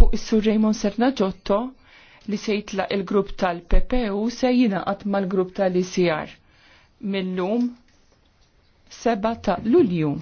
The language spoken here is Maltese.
fuq is-Sur Raymond Serna Ġotto li se jitlaq il-grupp tal-PPU se jingħaqad mal-grupp tal-ICR. Millum seba ta' Lulju.